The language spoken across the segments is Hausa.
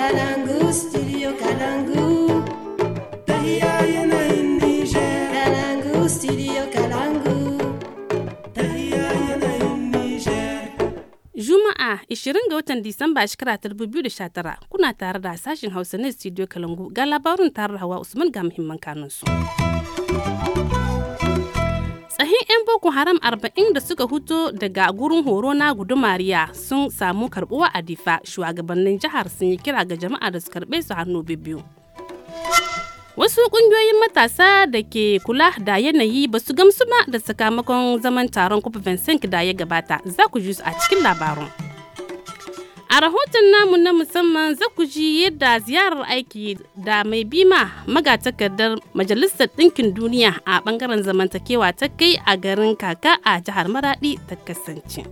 Kalangu, studio Kalangu. Kalangu, studio Kalangu. Juma'a 20 ga watan Disamba shekara 2019 kuna tare da sashen Hausa na studio Kalangu ga labarin tarar hawa Usman ga muhimman kanunsu. tsahin 'yan boko haram arba'in da suka huto daga gurin horo na gudumariya sun samu karbuwa a difa shugabannin jihar sun yi kira ga jama'a da su karbe su hannu biyu wasu kungiyoyin matasa da ke kula da yanayi ba su gamsu ba da sakamakon zaman taron Vincent da ya gabata za ku ji su a cikin labarun. A rahoton namu na musamman zaku ku ji yadda ziyarar aiki da mai bima magatakardar Majalisar Ɗinkin Duniya a ɓangaren zamantakewa ta kai a garin kaka a jihar Maraɗi ta kasance.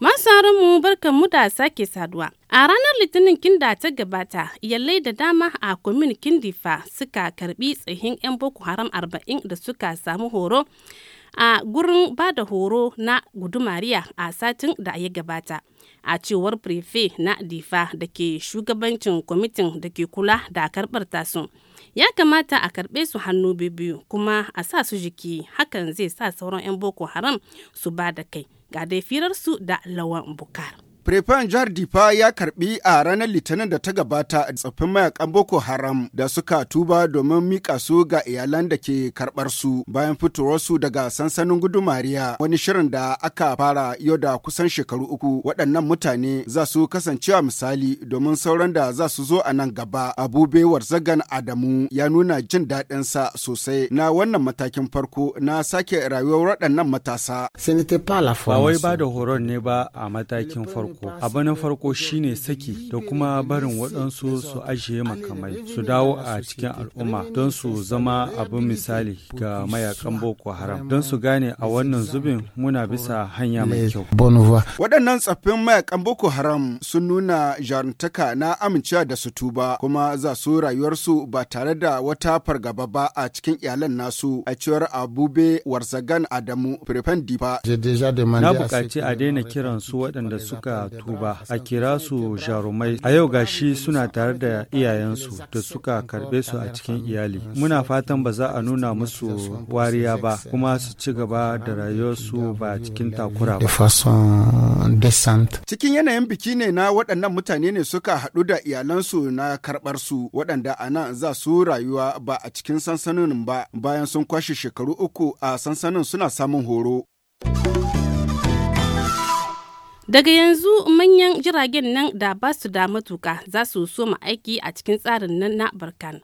Masu mu barkan mu da sake saduwa. A ranar Litinin Kinda ta gabata, iyalai da dama a kwamin Kindifa suka karbi tsayin 'yan Boko Haram arba'in da suka samu horo a gurin ba da horo na gudumariya a satin da ya gabata a cewar prefe na difa da ke shugabancin kwamitin da ke kula da karbar tasun ya kamata a karbe su hannu biyu kuma a sa su jiki hakan zai sa sauran 'yan boko haram su ba da kai ga dai su da lawan bukar Prefan jihar Difa ya karbi a ranar Litinin da ta gabata tsoffin mayakan Boko Haram da suka tuba domin mika su ga iyalan da ke karbar su bayan fitowarsu daga sansanin gudumariya wani shirin da aka fara yau da kusan shekaru uku waɗannan mutane za su kasancewa misali domin sauran da za su zo a nan gaba. Abu Bewar Zagan Adamu ya nuna jin daɗin sa sosai na wannan matakin farko na sake rayuwar waɗannan matasa. Ba wai ba da horon ne ba a matakin farko. farko abu na farko shine saki da kuma barin waɗansu su ajiye makamai su dawo a cikin al'umma don su zama abin misali ga mayakan boko haram don su gane a wannan zubin muna bisa hanya mai kyau waɗannan tsaffin mayakan boko haram sun nuna jarantaka na amincewa da su tuba kuma za su rayuwarsu ba tare da wata fargaba ba a cikin iyalan nasu a cewar abube warzagan adamu prefendi ba na bukaci a daina kiransu waɗanda suka tuba a kira su jarumai a yau gashi suna tare da iyayensu da suka karbe su a cikin iyali muna fatan ba za a nuna musu wariya ba kuma su ci gaba da rayuwarsu ba cikin takura ba cikin yanayin biki ne na waɗannan mutane ne suka haɗu da iyalansu na karɓar su waɗanda a nan za su rayuwa ba a cikin sansanin ba bayan sun kwashe shekaru uku a sansanin suna samun horo. Daga yanzu manyan jiragen nan da ba su da matuka za su soma aiki a cikin tsarin nan na Barkan.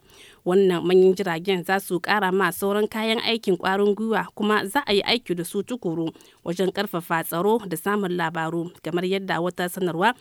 Wannan manyan jiragen za su kara ma sauran kayan aikin kwarin gwiwa kuma za a yi aiki da su tukuru wajen karfafa tsaro da samun labaru kamar yadda wata sanarwa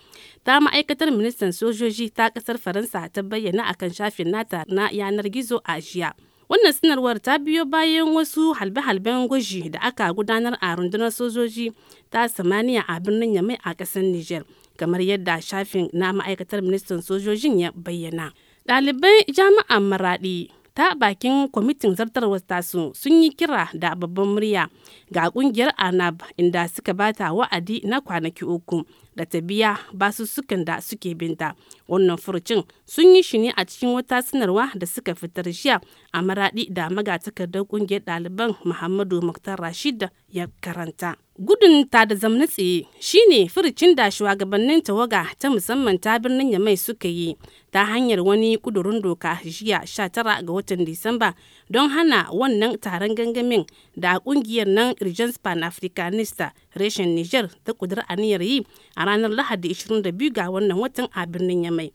ta ma'aikatar ministan sojoji ta kasar Faransa ta bayyana akan shafin nata na yanar gizo a jiya. Wannan sanarwar ta biyo bayan wasu halbe-halben gwaji da aka gudanar a rundunar sojoji ta samaniya a birnin Yamai a ƙasar Nijar, kamar yadda shafin na ma'aikatar ministan sojojin ya bayyana. Ɗaliban jami'an Maraɗi ta bakin kwamitin zartarwar tasu sun yi kira da babban murya ga kungiyar anab inda suka bata wa'adi na kwanaki uku da ta biya sukan da suke binta wannan furucin sun yi shi ne a cikin wata sanarwa da suka fitar jiya a maradi da magatakardar kungiyar daliban muhammadu muktar rashid ya karanta Gudun ta da zamna tsaye shine furucin da shugabannin tawaga ta musamman ta birnin Yamai suka yi ta hanyar wani kudurin doka jiya 19 ga watan Disamba don hana wannan taron gangamin da kungiyar nan Urgence Pan-Africanista reshen Niger ta kudur aniyar yi a ranar Lahadi 22 ga wannan watan a birnin Yamai.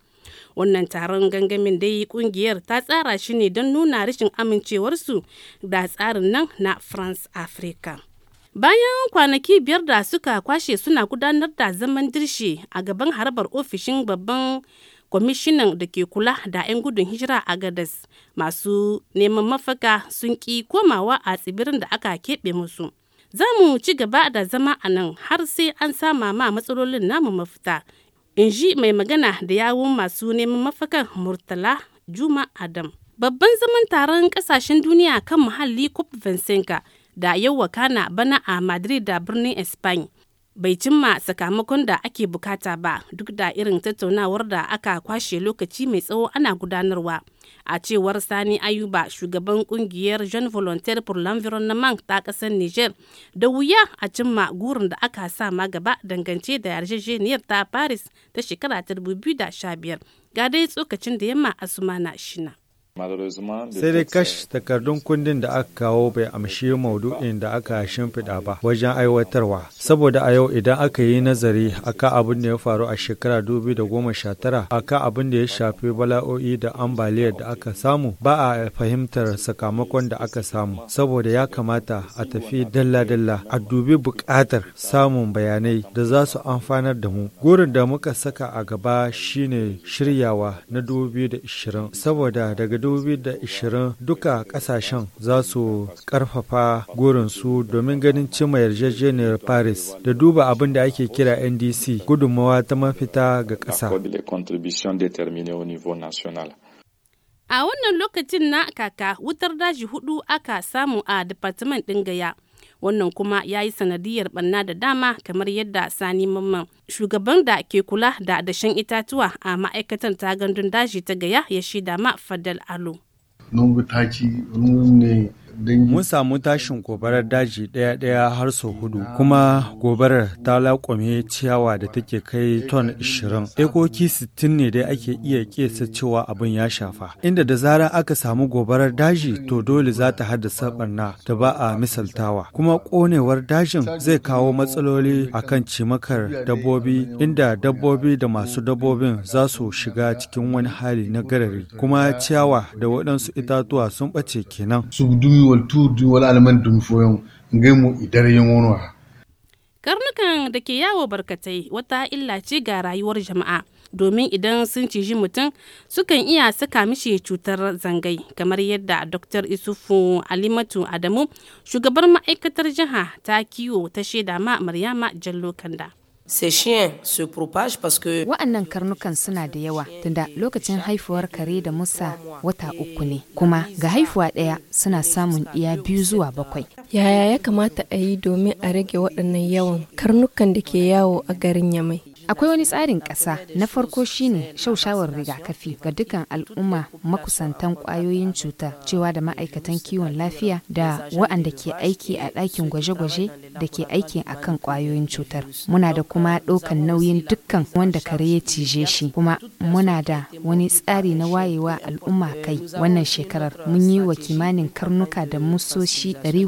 wannan taron gangamin da yi kungiyar ta tsara shi ne don nuna rashin amincewarsu da tsarin nan na france africa bayan kwanaki biyar da suka kwashe suna gudanar da zaman dirshe a gaban harabar ofishin babban kwamishinan da ke kula da 'yan gudun hijira a gadas masu neman mafaka sun ƙi komawa a tsibirin da aka keɓe musu za mu ci gaba da zama a nan har sai an sama ma matsalolin namu mafita in ji mai magana da yawun masu neman mafakan murtala juma adam babban zaman taron ƙasashen duniya kan muhalli cop da yau wakana bana a madrid da birnin spain bai cimma sakamakon da ake bukata ba duk da irin tattaunawar da aka kwashe lokaci mai tsawo ana gudanarwa a cewar sani ayuba shugaban kungiyar jean volontaire pour l'environnement ta kasar niger da wuya a cimma gurin da aka sa ma gaba dangance da yarjejeniyar ta paris ta shekara 2015 ga dai tsokacin da yamma sumana shina Sai dai kashe takardun kundin da aka kawo bai amshi maudu'in da aka shimfiɗa ba wajen aiwatarwa. Saboda a yau idan aka yi nazari aka abin da ya faru a shekara 2019 aka abin da ya shafi bala'o'i da ambaliyar da aka samu ba a fahimtar sakamakon da aka samu. Saboda ya kamata a tafi dalla-dalla a dubi buƙatar samun bayanai da za su amfanar da mu. Gurin da muka saka a gaba shine shiryawa na 2020 saboda daga 2020 duka kasashen za su karfafa su domin ganin cimma yarjejeniyar Paris da duba abin da ake kira NDC gudunmawa ta mafita ga ƙasa. A wannan lokacin na kaka wutar daji hudu aka samu a Departement ɗin Gaya. wannan kuma ya yi sanadiyar banna da dama kamar yadda sani mamman shugaban da ke kula da dashen itatuwa a ma'aikatan ta gandun daji ta gaya ya shaida ma fadal alo. taki ne Mun samu tashin gobarar daji ɗaya-ɗaya har sau hudu, kuma gobarar ta laƙwame ciyawa da take kai ton 20. Ekoki 60 ne dai ake iya kesa cewa abin ya shafa. Inda da zara aka samu gobarar daji to dole za ta haddasa barna da ba a misaltawa. Kuma ƙonewar dajin zai kawo matsaloli a kan cimakar dabbobi inda dabbobi da masu dabbobin za su shiga cikin wani hali na garari. Kuma ciyawa da waɗansu itatuwa sun ɓace kenan. wal alman ngai mu yin wono karnukan da ke yawo barkatai wata illa ce ga rayuwar jama'a domin idan sun ciji mutum sukan iya saka mishi cutar zangai kamar yadda dr isufu alimatu adamu shugabar ma'aikatar jiha ta kiwo ta shaida ma maryama jallo kanda Wa'annan karnukan suna da yawa tunda lokacin haifuwar kare da musa wata uku ne kuma ga haifuwa ɗaya suna samun iya biyu zuwa bakwai. Yaya ya kamata a yi domin a rage waɗannan yawan karnukan da ke yawo a garin Yamai? Akwai wani tsarin ƙasa na farko shine shaushawar rigakafi ga dukkan al'umma makusantan ƙwayoyin cuta cewa da ma'aikatan kiwon lafiya da wa'anda ke aiki a ɗakin gwaje-gwaje da ke aiki a kan ƙwayoyin cutar. Muna da kuma ɗaukan nauyin dukkan wanda kare ya cije shi kuma muna da wani tsari na wayewa al'umma kai wannan shekarar mun yi wa kimanin karnuka da musoshi ɗari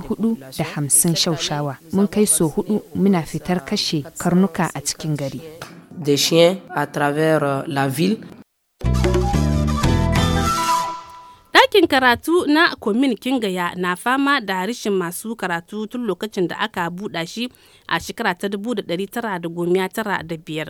da 450 shaushawa. Mun kai so hudu muna fitar kashe karnuka a cikin gari. des chiens à travers euh, la ville. Ɗakin karatu na Komin Kingaya na fama da rashin masu karatu tun lokacin da aka buɗa shi a shekara ta da biyar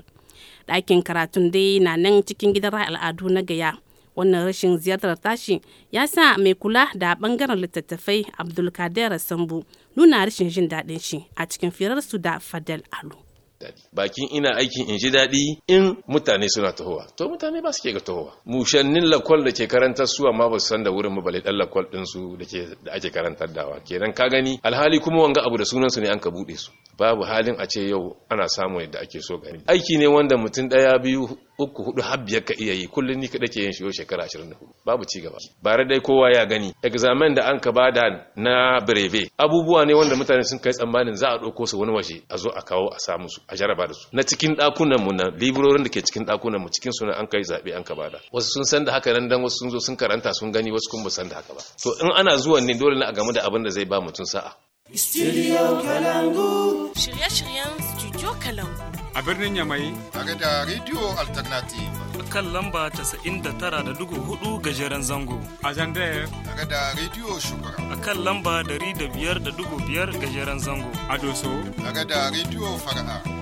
Ɗakin karatun dai na nan cikin gidan al'adu na Gaya. wannan rashin ziyartar tashi ya sa mai kula da ɓangaren littattafai abdulkadir sambu nuna rashin jin daɗin shi a cikin firarsu da fadel alu daɗi bakin ina aikin in ji daɗi in mutane suna tahowa to mutane ba su ke ga tahowa mushannin lakwal da ke karantar su amma ba su san da wurin mabale ɗan lakwal ɗin su da ke ake karantar dawa kenan ka gani alhali kuma wanga abu da sunan su ne an ka buɗe su babu halin a ce yau ana samun yadda ake so gani aiki ne wanda mutum ɗaya biyu uku hudu har biyar ka iya yi kullum ni kaɗai ke yin shi shekara 24 babu ci gaba bare dai kowa ya gani examen da an ka bada na breve abubuwa ne wanda mutane sun kai tsammanin za a ɗauko su wani waje a zo a kawo a samu su a jaraba da su na cikin ɗakunan mu na librorin da ke cikin ɗakunan mu cikin su an kai zabe an ka bada wasu sun san da haka nan dan wasu sun zo sun karanta sun gani wasu kuma san da haka ba to in ana zuwan ne dole na a gamu da abin da zai ba mutum sa'a Studio Kalangu. Shirye-shiryen Studio Kalangu. a birnin Yamai. Tare da Radio Alternative. A kan lamba 99.4 gajeren zango. A Zandayar. Tare da Radio Shugaba. A kan lamba 105.5 gajeren zango. A Doso. Tare da Radio Fara'a.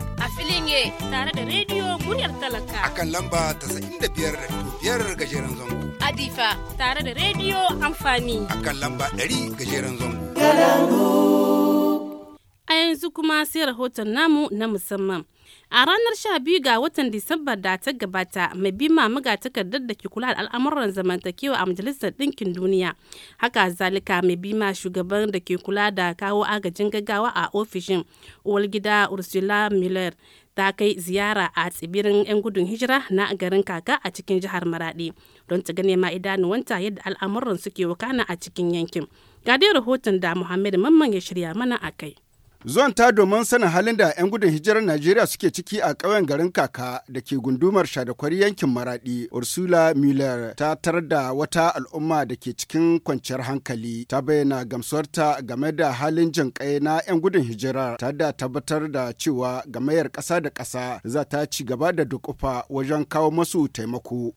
filin ye tare da rediyo muryar talaka. Akan lamba ta da biyar da biyar gajeren zango. Adifa tare da rediyo amfani. Akan lamba ɗari gajeren zango. A yanzu kuma sai rahoton namu na musamman. A ranar 12 ga watan Disambar da ta gabata, mai bima maga takardar da ke kula da al'amuran zamantakewa a Majalisar Ɗinkin Duniya. Haka zalika mai bima shugaban da ke kula da kawo agajin gaggawa a ofishin Uwalgida Ursula Miller ta kai ziyara a tsibirin 'yan gudun hijira na garin kaka a cikin jihar Maradi don ta gane ma wanta yadda al'amuran suke wakana a cikin yankin. Ga dai rahoton da Muhammad Mamman ya shirya mana a kai. Zuwan ta domin sanin halin da 'yan gudun hijirar Najeriya suke ciki a ƙauyen garin kaka da ke gundumar shadakwari yankin maraɗi Ursula Miller ta tar da wata al'umma da ke cikin kwanciyar hankali. Ta bayyana gamsuwarta game da halin jin kai na 'yan gudun hijirar, ta da tabbatar da cewa gamayar ƙasa da ƙasa za ta ci gaba da dukufa wajen kawo masu taimako.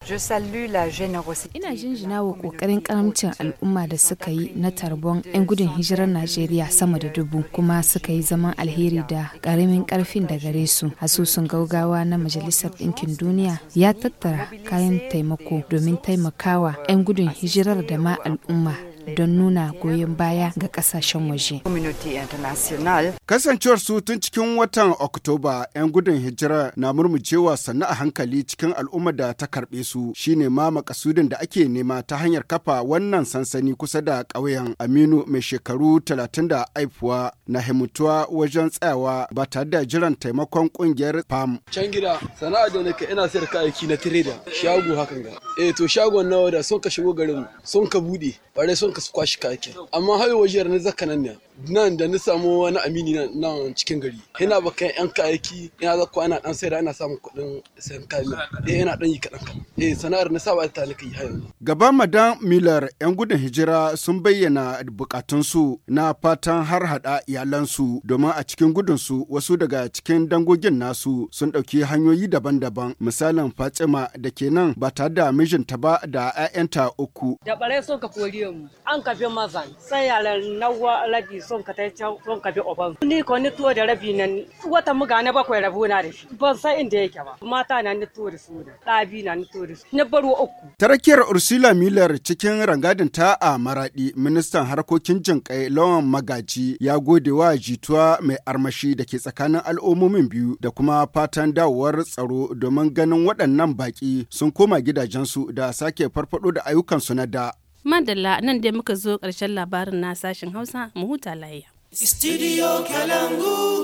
Ina jinjina wa ƙoƙarin karamcin al'umma da suka yi na tarbon 'yan gudun hijirar Najeriya sama da dubu kuma suka yi zaman alheri da karamin ƙarfin da gare su asusun gaugawa na majalisar ɗinkin duniya ya tattara kayan taimako domin taimakawa 'yan gudun hijirar da ma al'umma don nuna goyon baya ga kasashen waje. Kasancewar su tun cikin watan Oktoba 'yan gudun hijira na murmucewa sannu a hankali cikin al'umma da ta karɓe su shine ma makasudin da ake nema ta hanyar kafa wannan sansani kusa da ƙauyen Aminu mai shekaru 30 da aifuwa na himutuwa wajen tsayawa ba tare da jiran taimakon ƙungiyar PAM. Can gida sana'a da nake ina sayar kayayyaki na tireda shago hakan ga. Eh to shagon nawa da sun ka shigo garin sun ka buɗe bare sun ka kwashi kaki, amma hayo wajiyar ni zaka nan ne nan da ni samu wani amini nan cikin gari ina bakan yan kayaki ina za ku ana dan saida ina samun kuɗin sayan kayan eh ina dan yi kaɗan ka eh sana'ar na saba ta ni kai yanzu gaba madan miller yan gudun hijira sun bayyana bukatunsu na fatan har hada iyalansu domin a cikin gudunsu wasu daga cikin dangogin nasu sun ɗauki hanyoyi daban-daban misalin fatima da ke nan ba tare da mijinta ba da 'ya'yanta uku da bare sun ka koriyo mu an kafe mazan sai yaran nawa alaji son ka tai can son ka bi oban ni ko ni tuwo da rabi nan wata muga na bakwai rabu na da shi ban san inda yake ba mata na ni tuwo da su da ɗabi na ni tuwo da su na baro uku tarakiyar ursula miller cikin rangadin ta a maradi ministan harkokin jinkai lawan magaji ya gode wa jituwa mai armashi da ke tsakanin al'ummomin biyu da kuma fatan dawowar tsaro domin ganin waɗannan baƙi sun koma gidajensu da sake farfado da ayyukansu na da Madalla nan dai muka zo ƙarshen labarin na sashen Hausa mu huta lahiya. Studio Kalangu.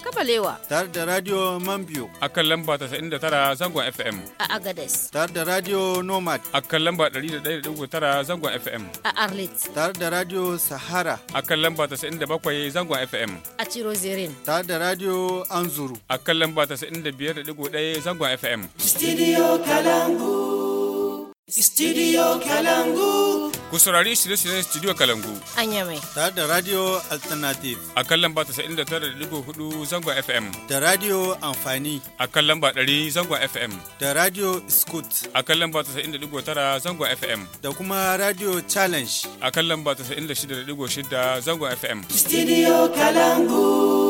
Kabalewa. Tare da Radio Mambio. A kan lamba tara zangon FM. A Agades. Tare da Radio Nomad. A kan lamba tara zangon FM. A Arlit. Tare da Radio Sahara. A kan lamba bakwai zangon FM. A zirin. Tare da Radio Anzuru. A kan lamba biyar 95.1 zangon FM. Studio Kalangu. Studio Kalangu. Ku saurari shirye-shiryen Studio Kalangu. an mai. Tare da Radio Alternative. A kan lamba 99.4 zangon FM. Da Radio Amfani. A kan lamba 100 zangon FM. Da Radio Scoot. A kan lamba tara zangon FM. Da kuma Radio Challenge. A kan lamba 96.6 zangon FM. Studio Kalangu.